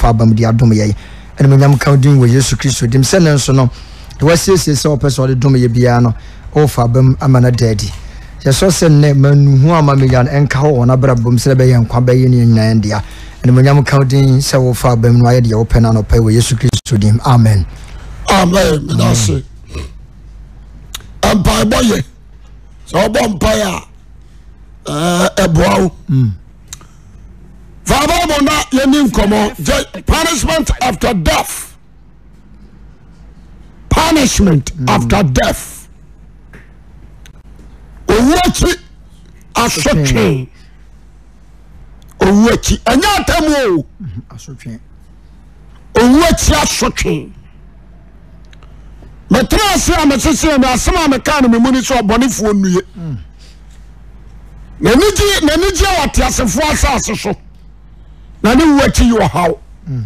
fa aba mu de adom yɛn animonyam ka din wɔ yesu kristo dim sɛ ne nso no de wasiesie sɛ wɔpɛ sɛ ɔde dom yɛ biara no ɔwɔfa aba mu ama no daadi yɛsɔ sɛ nnɛ manuhu ama meya no ɛnka hɔ wɔn We sɛ bɛyɛ nkwa bɛyɛ ne nyinaa dea animonyam ka din sɛ wɔfa aba mu no ayɛ deɛ wɔpɛ no anɔpɛ wɔ yesu kristo dim amen amen medase mpaebɔ yɛ sɛ wɔbɔ mpae a ɛboa wo mm. abn ɛni nɔye pnient after ath punisment after death ɔwaki mm. asotwe wki yatam ɔwaki asotwe metrase amɛsesɛsɛm mekano mnɔbɔnefoɔ ne nangyewteasefoɔsas so nane wuakyi yi ɔ haw mm.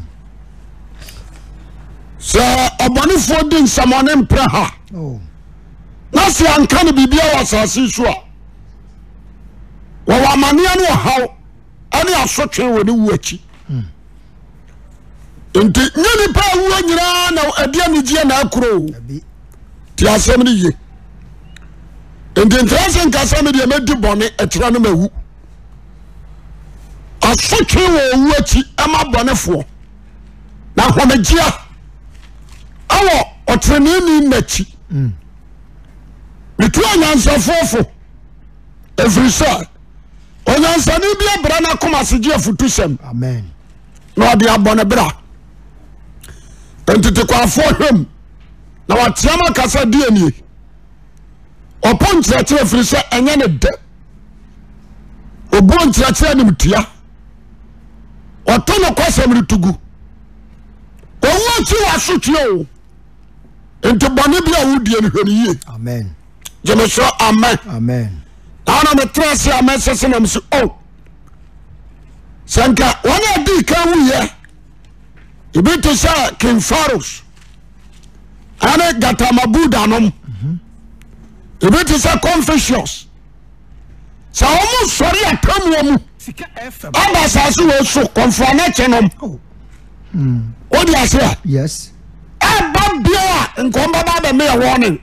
sɛ ɔbɔnefoɔ di nsamuɔne mprɛ ha oh. na se anka no biribia wɔ asase su a wɔwɔ amannea no ɔhaw ane asotwee wɔ ne wu akyi mm. nti yɛ nnipa a wua nyinaa na adia negyea na akuroo nti asɛm ne ye nti ntrase nkasɛ medeɛ madi bɔne akyerɛ no mawu sɛtwe wɔwu akyi mabɔnefoɔ nahongea awɔ ɔterneni nakyi netuanyansafofo ɛfiri sɛ ɔnyansane bia bra nkomasegye fotu sɛm naɔde abɔnebrɛ ntiekafoɔ ham na wateam kasa deanie ɔponkyerɛkyeɛ afiri sɛ ɛyɛne d ɔbu nkerɛkyerɛ nitia ɔtono ko samire tugu owusi wa soteeo nte bɔne bia wodianhaniye yemeso ame aneme trase ame sesenemse o oh. sanka one ade ka wuye ebi te sɛ kimfaros ane gatamaboda nom ebi te sɛ confesions sɛ womo sɔrea pamuamu ọba asase wo so kọnfọ ne kye nom oh. hmm. o di ase a ẹba bia a nkọmba ba bẹ mi yẹ wọni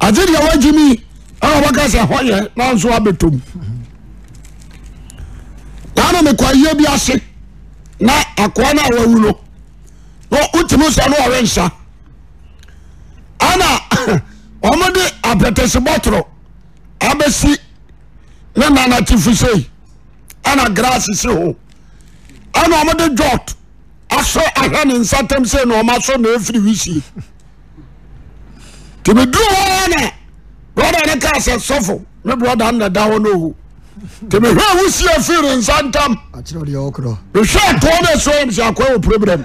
adi deɛ wagyi mi ɛna wɔka sɛ hɔ yɛ nanso abɛtom kwana me kwaye bi ase na akoa no a wawu no na wotumi sɛ no ɔwe nsa ana ɔmode apɛtɛse bɔtoro abɛsi menanatifu se ana grase se ho anemede jot aso ahane nsatamsenasonfiri wose temedu hone brota ne kasesofo me brodandanh temehewosie fire nsatam ese tos akoao problem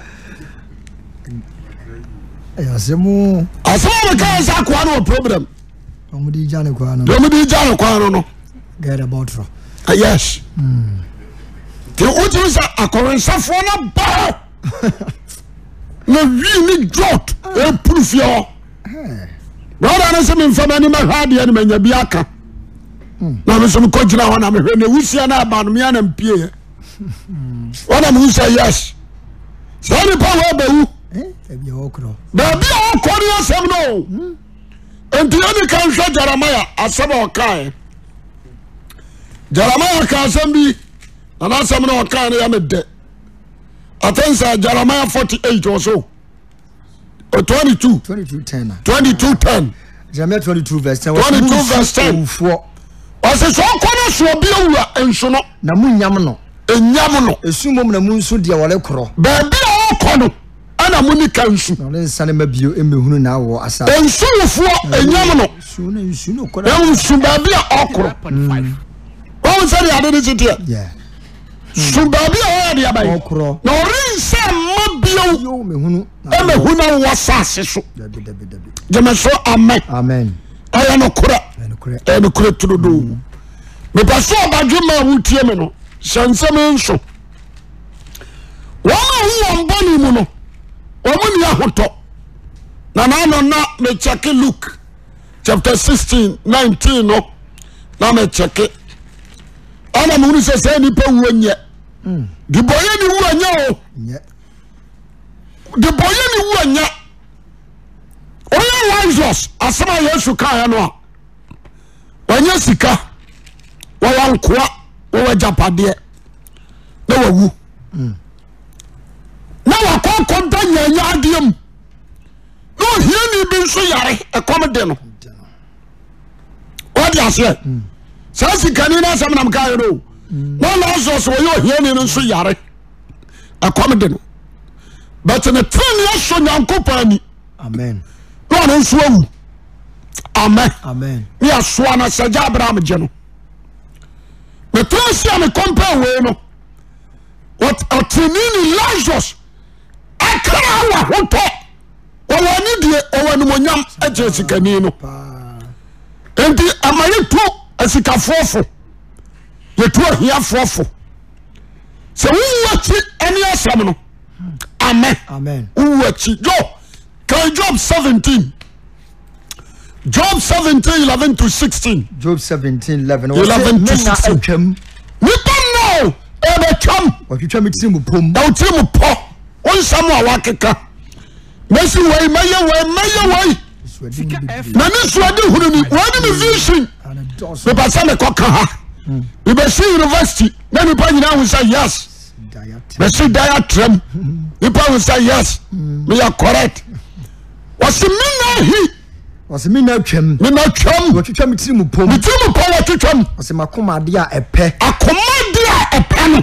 asmomekase akoa n wo problemmdegane koarno nti wotimi sɛ akɔronsɛfoɔ no ba na wi ah. e ne jo ɛpuro fie hɔ bratha ne sɛ memfamanim hɛ deɛ nemanya biaka nmskɔgina naɛn wosia n banonapie namwsi yas sɛ nepaho abawu babia wɔkɔ ne yasɛm no nti yɛmi ka nhwɛ garemya asɛm ɔkae geremah ka asɛm bi nan'sɛm na ɔka ne yɛ medɛ atensɛ garemah 48 wɔ so20 ɔse so ɔkɔno soɔbiwua nsonona yamnondeɛoɔbaabia ɔkɔ no anamoni ka nsunsuwfoɔ yam nos baabia ɔkorɔ sɛeke so baabi a ɔdeabai nɔrensɛma bi mahuna wowa saase so gemeso ama ɛyɛ nokorɛ yɛnokora ooo mepɛ mm. sɛ ɔbadwema wotie me no syɛ nsɛmnso wɔ aho ɔbɔ ne mu no ɔmo ne ahotɔ nananɔ na mekyɛke luk chapt 1619 no na mekyɛke anamono sɛ sɛ nnipa wua nnyɛ de bɔyɛ ne wu nyɛ o de bɔyɛ ne wua nyɛ ɔyɛ wisos asɛm a yɛ asu kaeɛ no a ɔnyɛ sika wɔwɔ nkoa wɔwɔ gyapadeɛ na wawu na wakɔkɔ da nyaanyaadeɛ m na ɔhia ni bi nso yare ɛkɔm de no odeaseɛ saa sikani no asɛmnam kayenɛ na lasus wɔyɛ hiani no nso yare ɛkɔme de no but metrane ɛsɔ nyankopɔn ani ne ane nso awu amɛ meɛsoa no sɛgya bra amgye no metrasia me cɔmpɛwei no ɔtenine lasus akraa wahotɔ ɔwɔ ne deɛ ɔwɔ animoyam aki asikani nonimaɛo sika foɔfo yɛtu ahiafoɔfo sɛ wowu akyi ɛne asɛm no ame wowu akyi o ka job 17 job 1716mepon ɛbɛtwamwotempɔ o nsam awaakeka mɛsi ɔimɛyɛɔmɛyɛwɔi nane soade hununi wɔade mevi son mebɛ sɛ mekɔka ha ibɛse university na nipa nyina ho sa yes bɛse dayatrɛ m nipa ho sa yes mm-hmm. meyɛ correct ɔsɛ mena hi mematwammetiri mu pɔm twetwamakomade a ɛpɛ no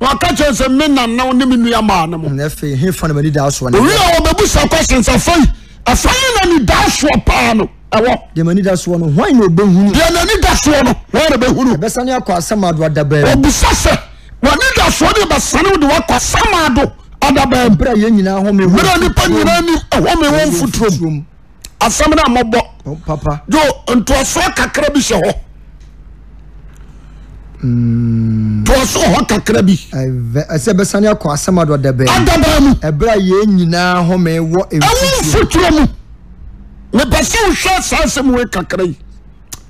waka kyeɛ sɛ me nana nemnuamaa no mia wɔbɛbusa kɔsensɛ afai afaina nidaso paa no ɛɔɛnanida soɔ nonbɛhuɛneobusa sɛ ani dasoɔ ne bɛsane o de woakɔ asɛm ado adabaaɛɛrɛnipa nyina ni home wɔ foturom asɛm no mɔbɔo ntoasoa kakra bi hyɛ hɔ tasohɔ kakra biɛadabaamuwomfoturomu mepɛ sɛwoswɛ saasɛmekakrai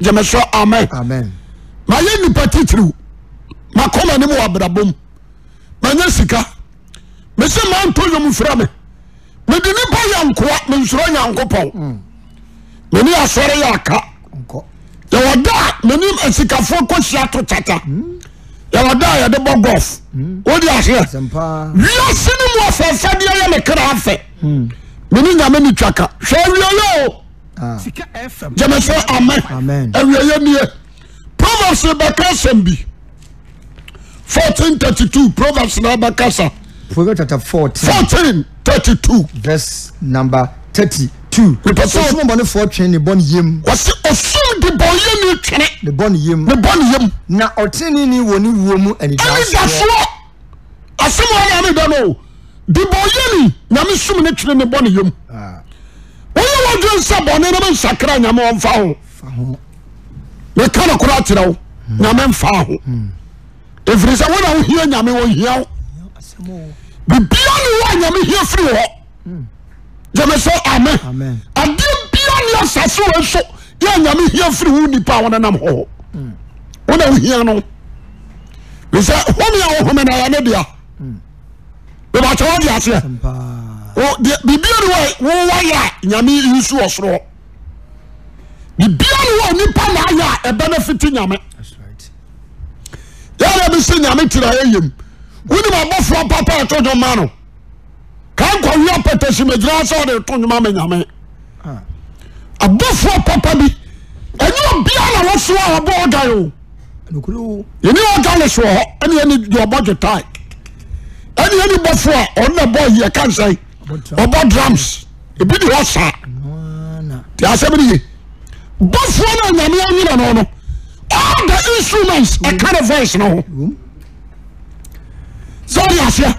yemes amen mayɛ nipa kikiri makomanim wabrabɔm manya sika mese manto yomfra me mede ne payɛ nkoa mensoro nyankopɔn mm. meniasɔreyɛaka yɛwɔdaa manim asikafoɔ kɔsia to tata yɛwɔdaa yɛde bɔ gof wode aheɛ wiase no mua fɛfadeɛ yɛ ne krafɛ meni nyamene twaka hwɛ awieyɛo yemesɛ ame awieɛni provense bɛkasam bi 1432 prvs nbcasa143230 ɔo deneenegasoɔ asɛmnaneda n debɔ yen nyame neweneɔnyɛɛhonnyamia ah. hmm. hmm. bibia ne woa nyame hia firi hɔ hmm. ome sɛ ame ade bia ne asase wa so yɛ nyame hia firi wonipaa ona noi sɛaɛedeaɛɛbrnowɔyɛ a nyames wɔ soroɔ bibia no wa nipa naayɛa bɛnefiti nyame ɛnɛsɛ yamiray onimbɔfoa papaaomano ka nkɔiapɛtasim gyinasɛ deto womama nyame ah. abofoɔ papa bi ɛne obiana wosoa abɔɔga o ene ɔgale soɔ hɔ ɛneniɔbɔ detae ɛneani bɔfo a ɔnna bɔ hiakansɛ ɔbɔ drums bine hɔ saa t asɛbineye bofuɔ na nyame awenɛ no no allthe instruments ɛka ne voice no ho sɛdeseɛ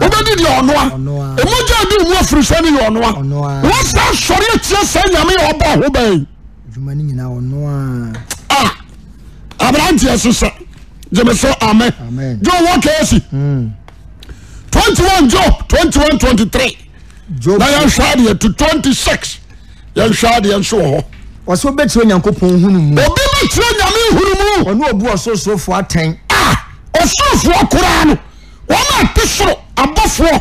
wobɛdi di ɔnoa ɛmogya di mu afirisɛ no yɛ ɔnoa wosa sɔre atia saa nyame yɛ ɔbɔ ho bɛi aberanteɛ so sɛ gyeme so amɛ jo wɔkaasi 21 job hmm. twenty three. na yɛnhwɛ adeɛ to 26 yɛnhwɛ adeɛ nso wɔ hɔ wɔsɛ wobɛkyerɛ onyankopɔn hunu mu obi bɛkyerɛ nyame hunu mu ɔne ɔbu ɔsorosorofo atɛn a ɔsorofoɔ koraa no wone ate soro abofoo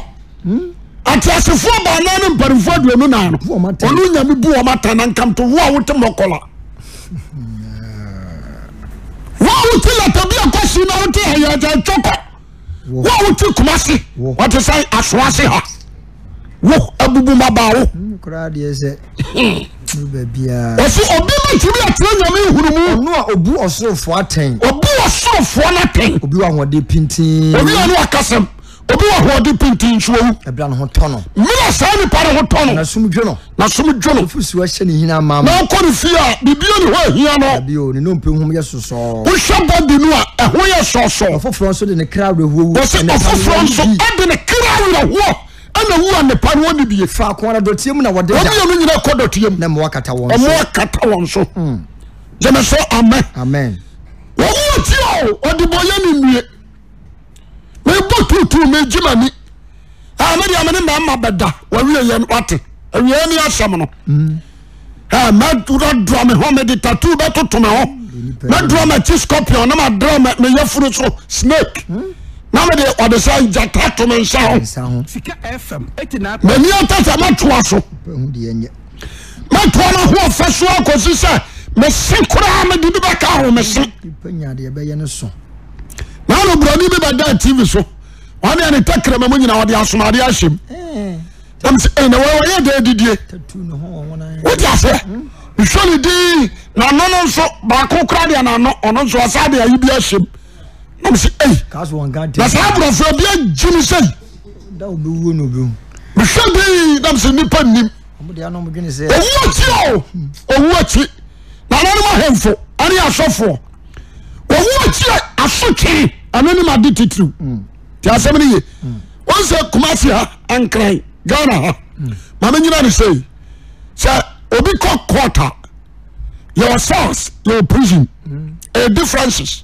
atiasefoo bana no mparimfo aduonu nano one nyame bo omatanankamto wo wote mokola wo wote latabiakosina wote aya jatokowo wote komase ate si asoa ase ha wo abubuma bawo ɔsi obi ma tumi atena nyame ehuru mu. ɔnu a obu ɔsorofo atɛn. obu ɔsorofo n'atɛn. obi wa ahoɔden pintin. obi wa ne wa kasɛm obi wa ahoɔden pintin nsuowu. ɛbila ne ho tɔ no. mmiri saa nipa ne ho tɔ no. na sum dwono. na sum dwono. ofusu ɛhyɛ ne hinɛ ama ama. n'akɔ ne fie a bibi o ne ho ehia no. dabi o ne nnompe ho yɛ sɔsɔɔ. wohyɛ bɔdi nu a ɛho yɛ sɔsɔɔ. ɔfoforɔ nso de ne kra awurahuo wu. wɔsi ɔfoforɔ nso ɛde ne kra awurahuo. anawanpa nn be ynaɔdkatan so emɛsɛ amɛ ɔmɔti ɔdebɔyɛ no ne mebɔ tuto megyimani mdemne mama bɛda ɛeɛasɛ nodde at bɛ hɛdti scopion nyafuro so snake hmm. namede de sɛ yatatome nsa homani ta sa mɛtoa so mɛtoa no ho fɛsoakosi sɛ mesen koraa mede de bɛkahomese brane bi bɛdan tv so denakramamyinade asodeɛ ɛmɛ edidieoasɛ ediiɛ na saa borɔfo biagyine sɛi mehwɛ be namso nnipa nnim ɔwu ki o ɔwu akyi naananom ahemfo aneyɛ asɔfoɔ ɔwu ki asokwee ananim ade titiriw nti asɛm ne ye ɔsɛ kumasia ankran ghanaa mamanyina ne sei sɛ obi cok quarta yɛwɔ sarce yɛwɔ prison ɛɛde francis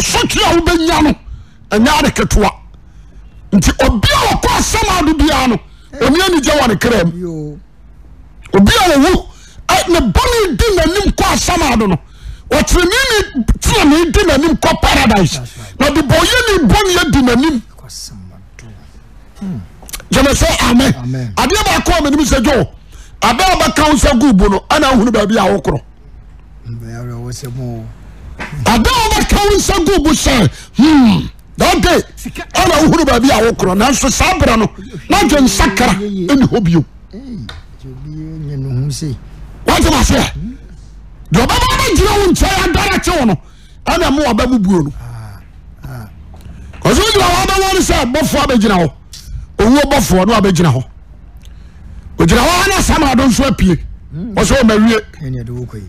ɔsotwea wobɛnya no ɛnɛ adeketowa nti ɔbia kɔ asaado biaa no ɔmeanigya eh. wne kram biawunebneianikɔ asado no ɔterneɛenanikɔ paradise nadbɔɛneneɛ dinani kyɛmɛsɛ adeɛ bɛkmanisɛ ɛ abɛ bɛkawo sa gubu no anahuno baabi wo korɔ ada wobɛka wo nsa gu bu sɛ hmm, dade ana wohuru baabi a wo korɔ nanso saa berɛ no na dwe nsakra ɛni hɔ bio wotem aseɛ deɛ ɔbɛma no gyina wo nkyɛe adara kye wo no ɛna mo waba mu buo no ɔsɛ wogyina hɔ wabɛwɔ no sɛ bɔfoɔ abɛgyina hɔ owuo bɔfoɔ ne wabɛgyina hɔ ogyina hɔ ana samado nso apie ɔsɛ ɔmawie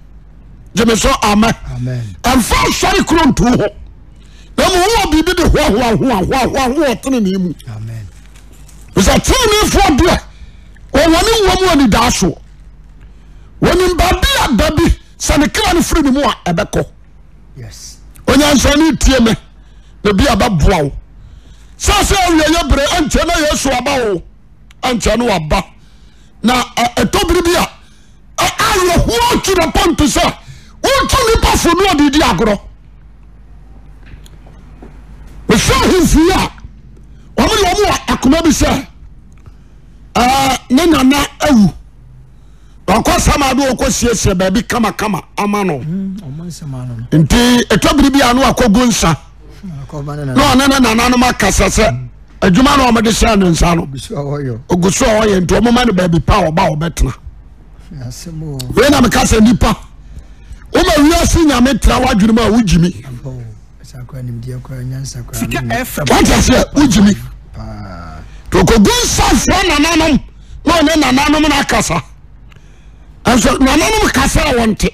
eso mfa sare kront ho m bidi de hotnu ne aundsmaia ai sanekran frenmu sr ayerɛ hutunaponpso woto nipa fo no ɔdedi agorɔ mɛsɛ hmfii a ɔmede ɔmuwa akoma bi sɛ ne nana awu akɔ samaa de ɔkɔ siesie baabi kamakama ama no nti ɔtɔ biri bia no wakɔgu nsana ɔneno nana nomakasa sɛ adwuma no ɔmede sɛ ane nsa no ɔgu so wɔyɛ nti ɔmoma no baabi pa ɔba wɔbɛtena weinamkasɛ nipa wọ́n wíwá sí nyàmé tẹ̀lé wá dwere mu a wọ́n jìmí. wọ́n ti sẹ́ wọ́n jìmí. tokogun sáfẹ́ nananom náà ní nananom náà kasa ẹ̀sọ́ nananom kasa wọ́n ti.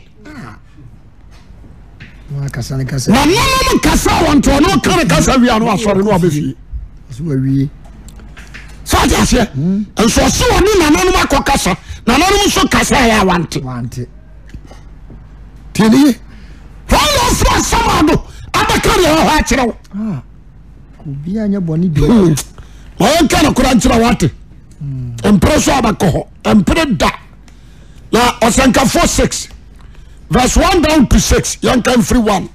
nananom kasa wọ́n ti ọ̀nà kan kasa wíwá ní asọ̀rọ̀ ní wàbẹ̀ fìyé. sáà ti sẹ́ ẹ̀sọ́ sí wọn ní nananom akọ kasa nananom nso kasa yà wọ́n ti. fr samdo akakerɛayɛnkankankirah mpre omprɛ dan senkafo s vers 1p6 afrmontie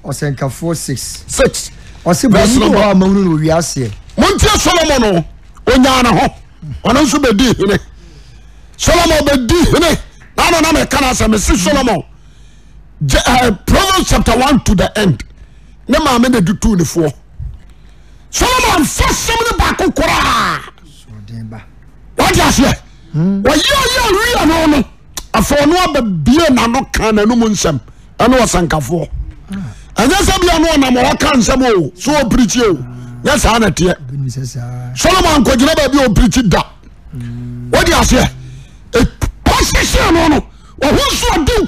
solomon yanho ɔneso bedi ene solomon bedi ene nnakansmese solomn Uh, proverbs chapter 1 to the end ne maame na di tu ne foɔ solomon fa sɛm ne baako koraa wagye aseɛ wɔyɛ ɔyɛ ɔwia no no afɔɔ no aba bie n'ano ka n'anum nsɛm ɛne ɔsankafoɔ ah. ɛnyɛ sɛ bia no ɔnam ɔka nsɛm o so ɔpirikyi o nyɛ saa na teɛ solomon nkɔgyina baabi a ɔpirikyi da hmm. wagye aseɛ position no no ɔho nso ɔdi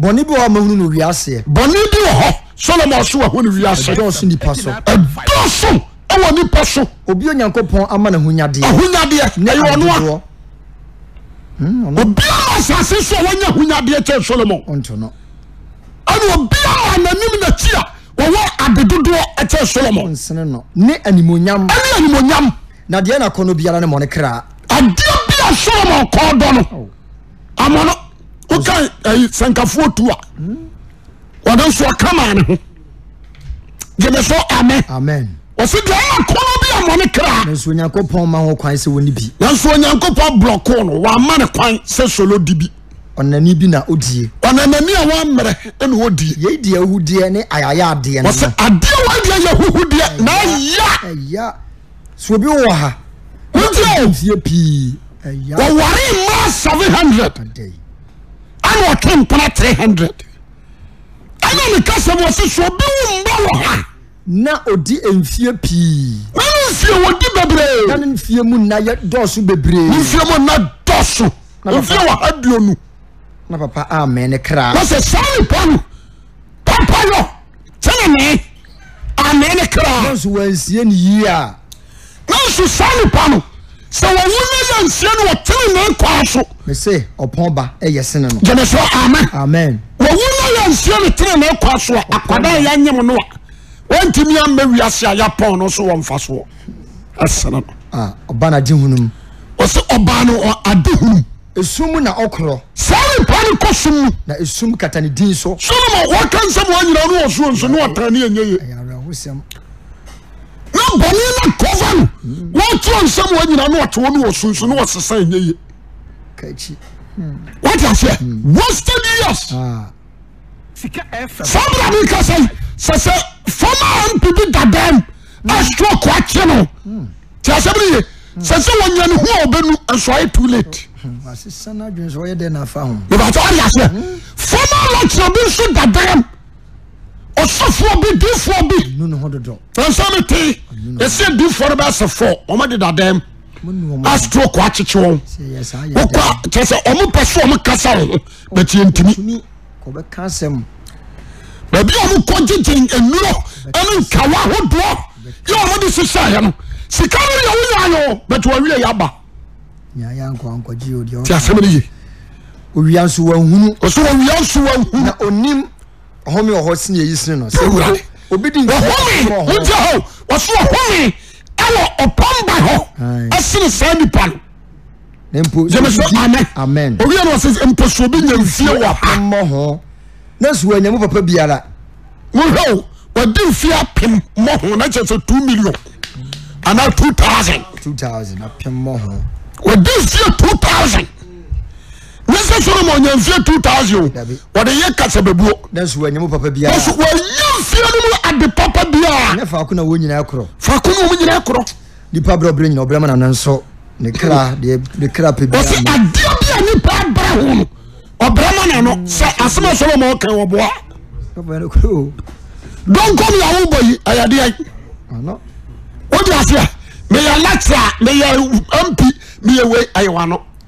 bɔnni bi wɔ hɔ mahunu no wiase. bɔnni bi wɔ hɔ solomon so wɔ hɔ no wiase. ɛdɔɔso nipa so. ɛdɔɔso ɛwɔ nipa so. obi onyankopɔn ama na ahunyadeɛ. ahunyadeɛ na ɛyɛ ɔnoa. Hmm, obiara asase so a wɔnyɛ ahunyadeɛ kyɛ solomon. ɛna obiara n'anim n'akyi a wɔwɔ adedodoɔ kyɛ solomon. nsene no ne animonyam. ɛne animonyam. na deɛ na kɔnɔ biara ne mɔne solomon kɔɔ dɔ no woka ayi eh, sankafoɔ tu a wɔde nso ne ho gyeme so amen ɔsi deɛ ɔyɛ kɔnɔ bi a mɔne kra nanso onyankopɔn ma ho kwan sɛ wɔne bi nanso onyankopɔn brɔko no wama ne kwan sɛ solo di bi ɔnani bi na odie ɔnanani a wɔmmerɛ ɛna wɔdie yei deɛ ahudeɛ ne ayayɛ adeɛ no wɔsɛ wa wɔadeɛ yɛ huhudeɛ na ya ɛya so obi wɔ ha wodeɛ fie pii wɔware mmaa 700 netomo 300ɛnnkasmseso obmh na ɔdi mfie piinmene mfiemu nnayɛ dɔso bebreemnh na apa ame ne kras sanoaoteene ame n kreso wansia ne yie a yɛnsnsmɛsɛ ɔpɔba yɛ senenonsoyɛnsɛonkɔsayɛem noa ntimiama wise ayɛpɔn no so mfasoɔ ɛseneɔbanoade hunuɔsɛ ɔbanade hn ɛsumu na ɔkrɔ sa nepano kɔsom na ɛsum katane din so soomkansɛnyina nsonsn tane yɛ na bɔne na kɔfa no wɔtwerɛ nsɛm wɔ nyina na ɔte wo ne wɔ sunsu ne wɔsesa ɛnyɛ ye wate aseɛ wasted years ah. saa bra ne ka sɛ sɛ sɛ fama mp bi dadam astroke akye no nti asɛm ne ye sɛ sɛ wɔnya ne ho a wɔbɛnu ɛnsɔe too late hmm, mebata wade aseɛ hmm. fama lecture bi nso dadam sa mete se difo re bɛse fo omededademasto koakyekye wos mepɛsm kasa ttim i k nunayde sesɛ sikay btyabas n shome wɔ ɔpɔmba hɔasene saa nipa nos n mpso obɛnya mfie wpmho nasownyamu papa biara de mfie apem mɔho nakysɛ 2 millin ana 2000h emfie2000 mesɛ solom nyamfie 200 o ɔdeyɛ kasa bɛbuo wayamfie nomu ade papa biaanyinakrɔs ade bia nipa bra ho ɔbramanano sɛ asoma solom ka ɔba dnkmawobɔyi ayɛdea ode aseɛ meyɛ lata eyɛampi meyɛwei aywano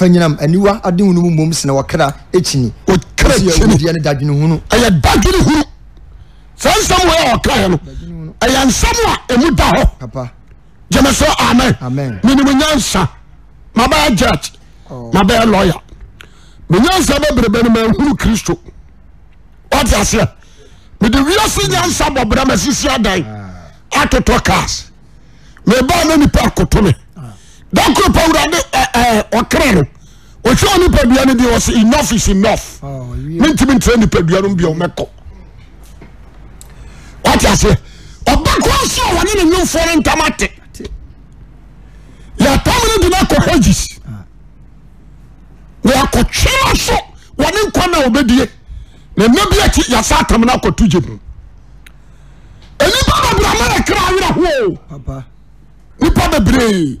fanyinam aniwa ade hunu mu mom sene wakra echini okra kyini ne dadwene hunu aya dadwene hunu san nsɛm wo okra ya no ɛyɛ nsɛm wa emu da ho hɔ gyeme so amen amen menim nyansa mabɛyɛ judge oh. mabɛyɛ lɔya menyansa bɛbrɛbɛ no hunu kristo wate aseɛ mede wiase nyansa bɔbra masisi adan ah. atotɔ cars mebaa na nipa akoto me dakoro pa awurade ɔkere no ɔhwɛ wɔ nipadua no deɛ ɔsɛ enough is enough mentimi ntrɛ nipadua no bia ɔmɛkɔ wate aseɛ ɔba kora sɛ ɔwɔne ne nwomfoɔ no ntam ate yɛtam no de no akɔ hages na yɛakɔtwea so wɔne nkwa na wɔbɛdie na nna bi akyi yɛsa atam no akɔto gye mu ɛnipa babrama yɛkra werɛ hoo nipa bebree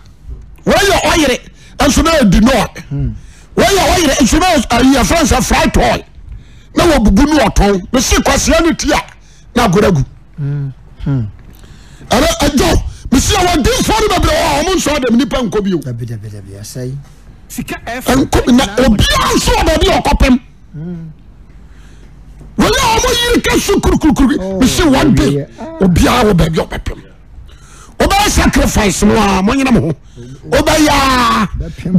weyɛ oyere uh, eh, oh, nso nodino y yeresafranse friht o na wobubu nto mese kosiano ti eso brsdn n nsbbi okpm ym yere kesose sacrifice no a mo nyina mo ho wobɛyɛ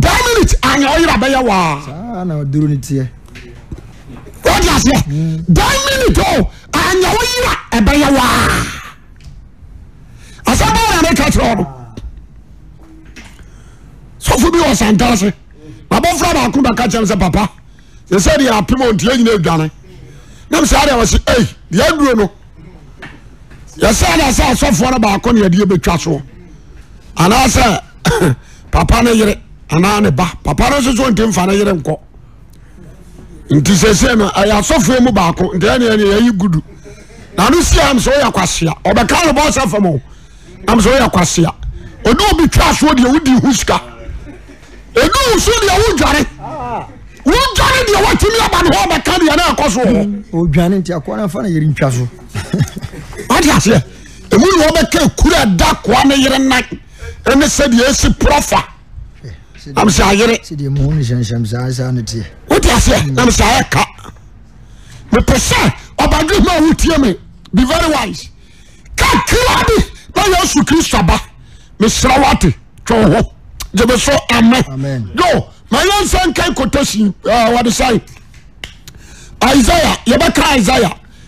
da minute anyɛ ɔyera bɛyɛ waa wode aseɛ da mm. minute o anyɛ woyera ɛbɛyɛ waa asɛm bɛwɔ yɛmeka kyerɛ hɔ no sɔfo bi wɔ santare se abɔfra baako bɛka kyɛm sɛ papa sɛ sɛ deɛ apem ɔntia nyina adwane nam saa deɛ wɔ se ei deɛ aduro no yɛsɛ da sɛ asɔfoɔ no baako ne yɛde bɛtwa soɔ anaasɛ papa na yere anaa ne ba papa no nso so ntim fa no yere nkɔ nti sɛsɛ no ɛyɛ asɔfoɔ mu baako ntɛneɛne yɛyi gudu na no ya m sɛ woyɛ kwasea ɔbɛka no bɔsɛ fam o nam sɛ woyɛ kwasea ɔne obi twa soɔ deɛ wodi ho sika ɛdu so deɛ wodware wodware deɛ woatumi aba ne hɔ ɔbɛka deɛ na ɛkɔ ntwa so. munembɛka kura dakoa ne yere na ne sɛde ɛsi profa yereesmsyɛ ka mepisɛ ɔbadema wotieme be very wise kakrade ba yesu kristo ba meserɛwote too emeso ameayemsɛnkeks ah, des isaia yɛbɛkra isaia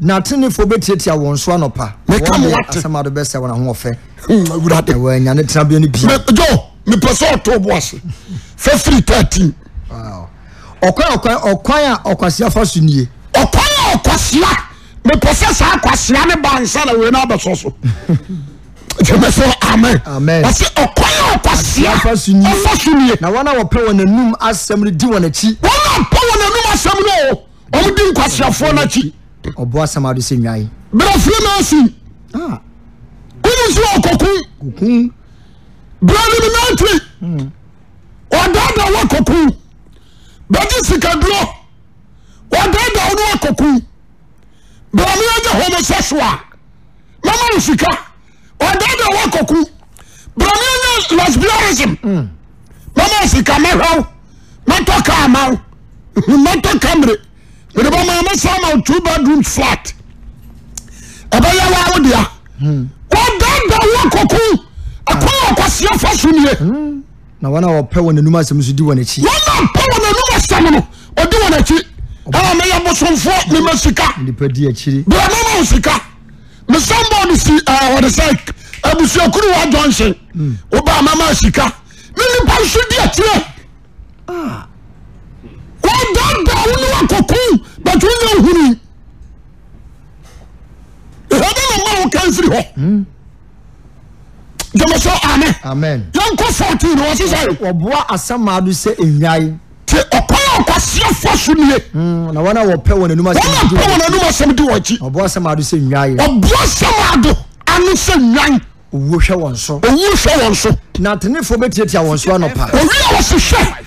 n'atenefo betiatia wɔn so anɔpa meka mo wate asɛm ado bɛsɛ wɔn ahoɔfɛ hmm, awurade ɛwɔ ɛnya ne tenabea no bia jo mepɛ sɛ ɔto bo ase fɛ firi thirteen ɔkwan ɔkwan ɔkwan a ɔkwasea fa so nie ɔkwan a ɔkwasea mepɛ sɛ saa akwasea ne ba nsa na wei no abɛsɔ so jẹmẹ sọ amen. amen. wàsí ọkọyọ ọkọsíà ọfọ sunìyẹ. na wọn a wɔpɛ wɔn anum asɛm di wɔn akyi. wọn a wɔpɛ wɔn anum asɛm o wɔn di nkwasiafoɔ n'akyi. obosemse brafremesi kumusuokokun broenumete odada wa koku beji sika blo odadanakokun bromieye homosesi mamasika oddwakoku bromee losblorism mmesika mee metokama metokabr mede bɛ maa mɛsa ma two bedroom flat ɛbɛyɛ wa wo dea wɔdada hmm. wo akoko akɔn ɔkɔseɛ fa so nie hmm. na wɔn a wɔpɛ wɔn anum asɛm so di wɔn akyi wɔn a pɛ wɔn anum asɛm no ɔdi wɔn akyi ɛna mɛyɛ bosomfoɔ mema sika nipa di akyiri bra mama wo sika mesan bɔɔde si ɛɛ eh, wɔde sɛ abusuakuru wa jɔnhyɛn hmm. wo ba mama sika ne nipa nso di akyire ah. da bawo no akɔko batwisɛ hun ne nɔma wokansiri hɔ dmso hmm. a ɛɔboa asɛmaa do sɛ nwa nt ɔkɔseɛfo sonnenɛɛɛ ɔboa sɛm ado ano sɛ nwaɛɛ natnefo bɛtiaiɔswɔshwɛ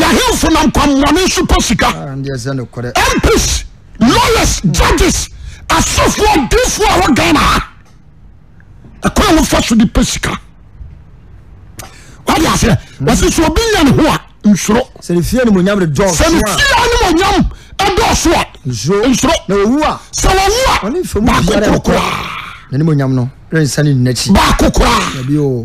yahemfo namkwamɔne nso po sikampres ah, loyers judges asofoɔ dufo a wɔgan na ha ɛkaa wofa so de pɛ sika adeasɛ ase sɛ obi nyane ho a nsurosɛnfia ne monyam dɔɔso a nr sɛ aokor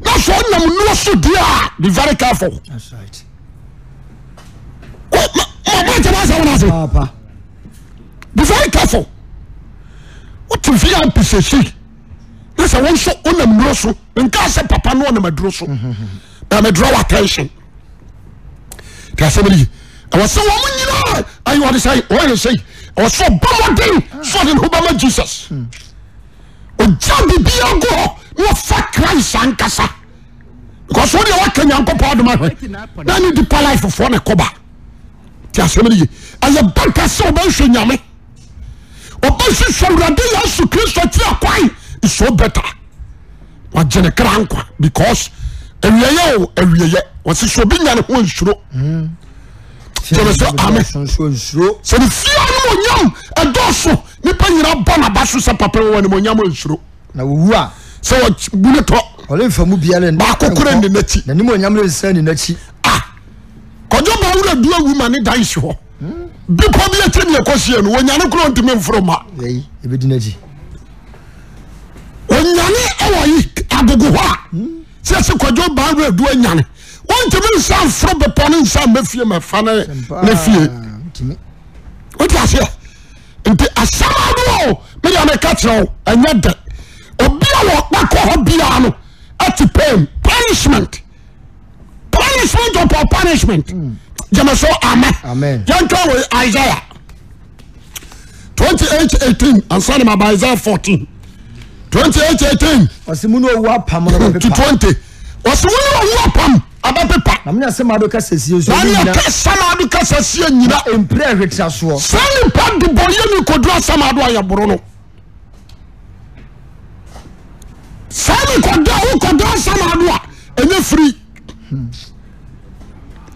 nasɛ ɔnamnuo so dia bivare kafoaɛare kafo wotfiapisase sɛwonanu s sɛ papa nnam snyiɛɛamn dma jesus hmm. ya bibiagu wfa cris ankasa beeka yankop e yame a yesu cristo irkwa so bette ene kra nka because iye sesbi yan o nsuronyado n y nbaose papanyaro sɛ wɔbu ne tɔ ɔlemfa mu bia baako korɛ ne n'akyi nanim onyam no nsa ne n'akyi a kɔdwo ba wura du awu ma ne dan hye hɔ bi kɔ bi akyi ne ɛkɔhyeɛ no wɔnyane korɔ ntumi mforo ma ɛbɛdi n'akyi onyane ɛwɔ yi agogo hɔ a sɛ sɛ kɔdwo ba wura du anyane wɔntumi nsa mforo bepɔ ne nsa mmɛfie mɛfa ne fie wote aseɛ nti asɛm adoɔ mede amɛka kyerɛ wo ɛnyɛ dɛ obia wɔ pa kɔ hɔ biaa no ati paim panishment punishment ɔpɔ punishment gyamasɛ ama yɛnka wɔ isaia20818 abisaia 14208820 ɔsɛmu no ɔwu apam abapepannaka sɛmado kasasia nyina sɛne pa do bɔ yɛ ni kodu samado ayɛ boro no saa ne kda wokoda asama do a ɛyɛ fri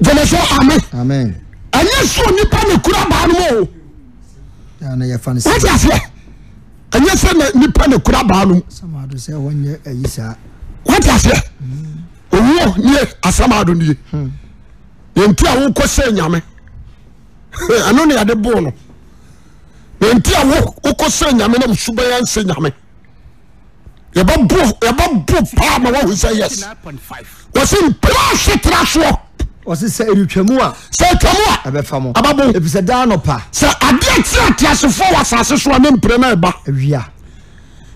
jeneso ame ɛyɛ soo nipa na kura baa nom ɔhowate aseɛ ɛnyɛ sɛna nipa na kora baa nomwate aseɛ owuo neɛ asamaa do neye nti a wokɔ sɛ nyame ɛno neyade bo no nti a wowokɔ sɛ nyame na musubɛyansɛ yame yɛbɛ bu paa ma wahu sɛ yes wɔse mpira hwetera soɔ ɔse sɛ ɛretwamu a sɛ ɛtwamu a ɛbɛfa mo ababo ɛfisɛ daa nɔpa sɛ adeɛ tea teasefoɔ wɔ asase so a ne mpire no ɛba awia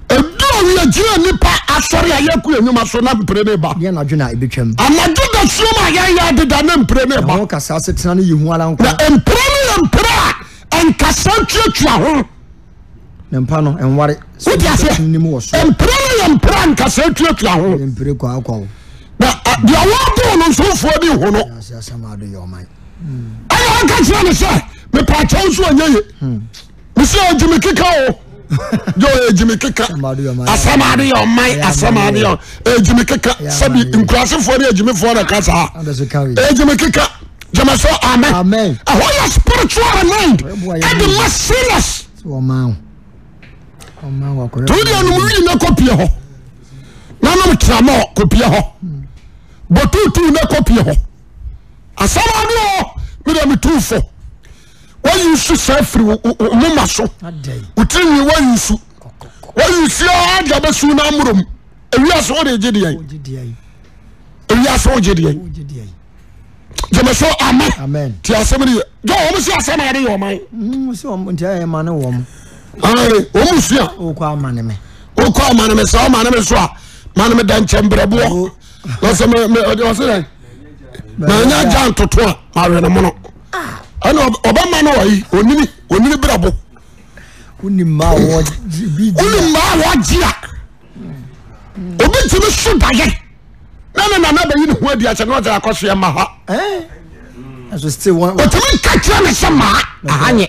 ɛduru awie gyina nipa asɔre a yɛkura nnwuma so na mpire no ɛba yɛn adwene a ɛbɛtwam anadwo da suom a yɛyɛ adeda ne mpire no ɛba ɛho kasa ase tena ne yɛhu ara nkwa na mpire no yɛ mpire a ɛnkasa tuatua ho wosɛmpre no yɛmprɛ nkasaa tuatuaho deɛwɔo no nsomfuɔ di ho no ɛyɛ hɔ ka keɛ ne sɛ mepaakyawo soanyɛ ye hmm. mesɛ ɛgime keka o yɛ ɛgime eaadymgime keka sɛ nkurasefoɔ e gimfoɔ asgime keka gyamɛs amnɔyɛ spiritual mindadema serious mdnmwi mm, ne kopie ho nnom tram kopia h botutu n kopie h asamd medmetu fo ws safrimomaso tws sagaas nm ɔmu sua wokɔ amaneme sɛ womaneme so a maneme da nkyɛmbrɛboɔ ɔsɛ manya gya ntoto a mawene mono ah. ɛne ɔbɛma no wayi onini onini maa wonimmaa ji a obi timi so dayɛ na ne nana bɛyi ne ho adi akyɛ ne ɔgyɛ akɔ so yɛ ma ha ɔtumi nka kyerɛ ne sɛ maa nye.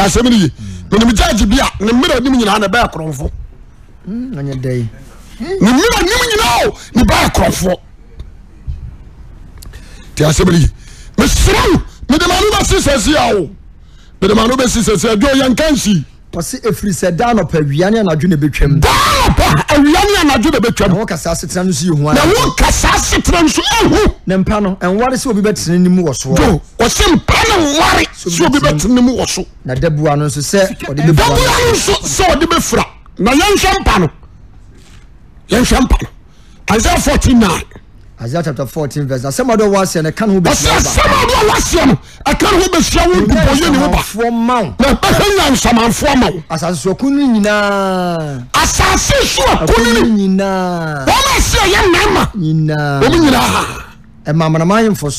asɛmi ne ye menimgyage bia ne mmerɛ nim nyina ne ɛbɛɛ koromfoy d ne merɛ nim nyinao ne bɛkorɔfoɔ tiasɛmine ye meser medema ne bɛse sɛsea o medem nbɛse sɛseayɛnkansi s ɛfiri sɛ da npa wiane anadene betwam wuane anadwoda bɛtwasaaeaɛnwokasaa setea s ware sɛ obi bɛtenwɔ ss pa no nwareɛobɛenwɔ sɛansosɛ ɔde bɛfira na yɛhwɛ pa noyɛwɛ p ansɛftnaa isa cha 14 vs asɛmade wɔaseɛ no ɛa ns asɛmade a wɔaseɛ no ɛka ne ho bɛsua wo dupɔyɛne wobao ma ɛa nya nsɔmanfoɔ maw asase so k no yinaa asase so ɔma ɛsiɛ yɛ nan maomɛnyina safri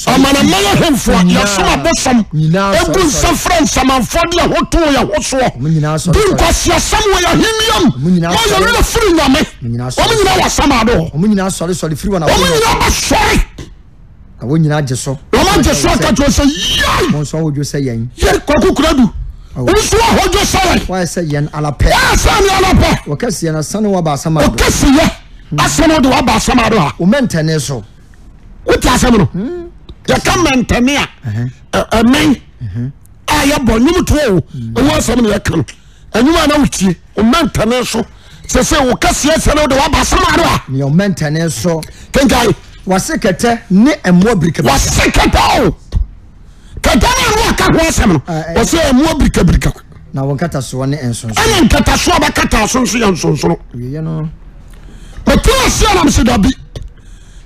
yɛaɛɛɛ woti asɛm no hmm. yɛka mantane a e, men a yɛbɔ womto ɛwɛ sɛm no yɛkano wana wotie omantane so sɛsɛ woka seɛsiɛn de wabasamarakɛnwsekatao katan ɛmokahosɛm no sɛ moa eh. birika brɛnenkatasobɛkatasonsoyɛnsonsor batirasiɛnamsɛ dabi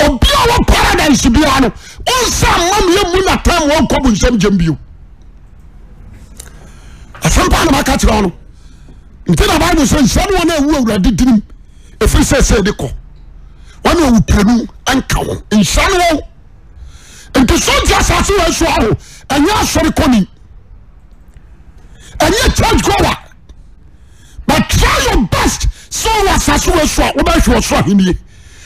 obi a wɔ paradise biara no ɔnsa amamuyɛ mu na tam wɔn nkɔ bu nsɛm gyem bio asɛm paa na ma ka kyerɛ ɔno nti na baabu sɛ nsɛm wɔn a ewu awurade dinim efiri sɛ ɛsɛ ɛde kɔ wɔn a ewu pirenu ɛnka wɔn nsɛm wɔn nti sɔnti asase wɔn esu aho ɛnyɛ asɔre kɔni ɛnyɛ church goer but try your best sɛ ɔwɔ asase wɔn esu a wɔbɛhwɛ ɔsɔ ahenie.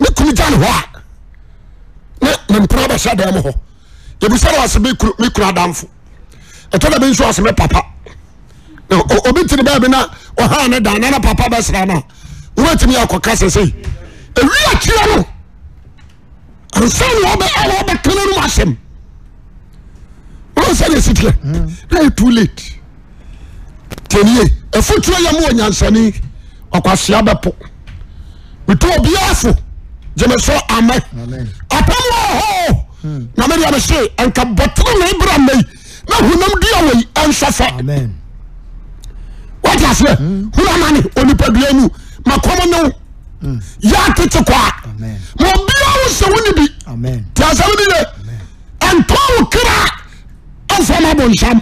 mekome gane ho a ne epra bese dem ho ebsae s ek dafo apra sakase st laf asn sapo eo ee hmm. hmm. ah. nka brnebrma ne hunam dawe nsa sɛ wateaseɛ hrman nipadam makmn yatetekoa maobiwo sɛwone bi ansamdie ntoo kr msam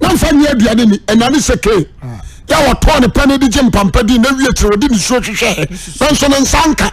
bonsa msaea nes ew saka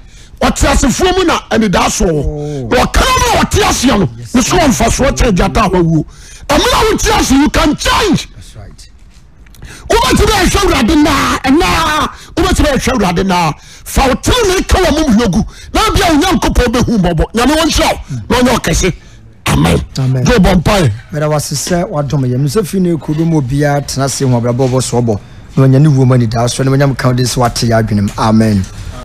ɔte asefoɔ mu na anidaa soɔ wɔ oh. na ɔkara ma ɔte aseɛ no ne so ɔmfa soɔ kyerɛ gyata a wawuo ɛmena wote ase you can change wobɛtumi ahwɛ awurade naa ɛnaa wobɛtumi ahwɛ awurade naa fa wo tene ne ka wɔ mom hwɛgu na bia wo nyankopɔn bɛhu mmɔbɔ nyame wo nhyerɛ na ɔnyɛ ɔkɛse amen jo bɔ mpae mɛda wase sɛ wadom yɛ mesɛ fii ne kurodo mu obiaa tena se ho abrabɔbɔ soɔbɔ na ɔnya ne wuo ma anidaa soɔ ne wanyam ka wode sɛ wate yɛ adwenem amen